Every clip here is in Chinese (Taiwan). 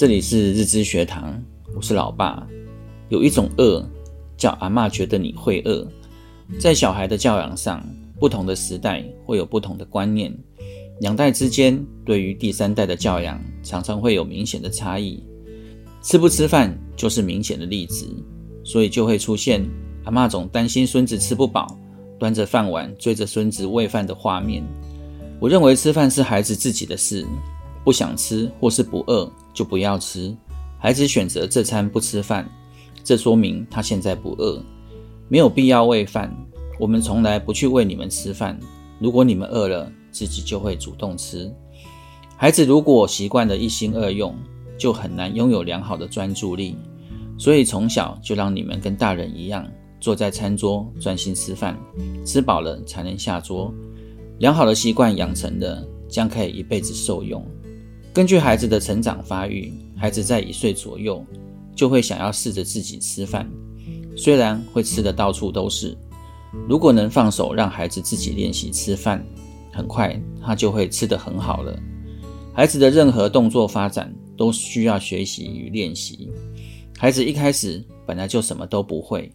這裡是日知學堂，我是老爸。有一種餓，叫阿嬤覺得你會餓。在小孩的教養上，不同的時代會有不同的觀念。兩代之間對於第三代的教養，常常會有明顯的差異。吃不吃飯就是明顯的例子，所以就會出現阿嬤總擔心孫子吃不飽，端着飯碗追着孫子餵飯的畫面。我認為吃飯是孩子自己的事，不想吃或是不餓。就不要吃，孩子選擇這餐不吃飯，這說明他現在不餓，沒有必要餵飯。我們從來不去餵你們吃飯，如果你們餓了，自己就會主動吃。孩子如果習慣了一心二用，就很難擁有良好的專注力。所以從小就讓你們跟大人一樣，坐在餐桌專心吃飯，吃飽了才能下桌。良好的習慣養成的，將可以一輩子受用。根據孩子的成長發育，孩子在一歲左右就會想要試着自己吃飯，雖然會吃得到處都是。如果能放手讓孩子自己練習吃飯，很快他就會吃得很好了。孩子的任何動作發展都需要學習與練習。孩子一開始本來就什麼都不會，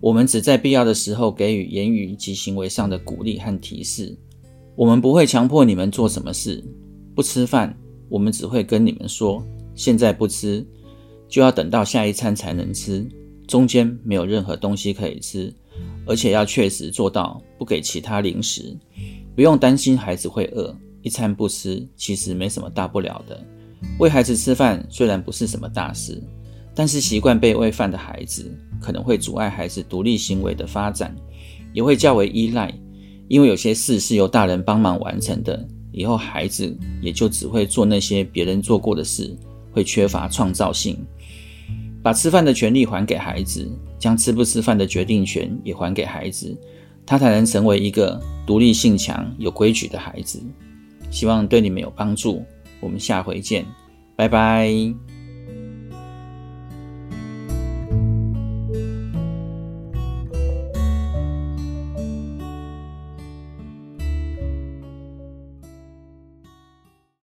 我們只在必要的時候給予言語及行為上的鼓勵和提示。我們不會強迫你們做什麼事，不吃飯。我們只會跟你們說，現在不吃，就要等到下一餐才能吃，中間沒有任何東西可以吃，而且要確實做到不給其他零食。不用擔心孩子會餓，一餐不吃其實沒什麼大不了的。餵孩子吃飯雖然不是什麼大事，但是習慣被餵飯的孩子可能會阻礙孩子獨立行為的發展，也會較為依賴，因為有些事是由大人幫忙完成的。以後孩子也就只會做那些別人做過的事，會缺乏創造性。把吃飯的權利還給孩子，將吃不吃飯的決定權也還給孩子，他才能成為一個獨立性強、有規矩的孩子。希望對你們有幫助，我們下回見，拜拜。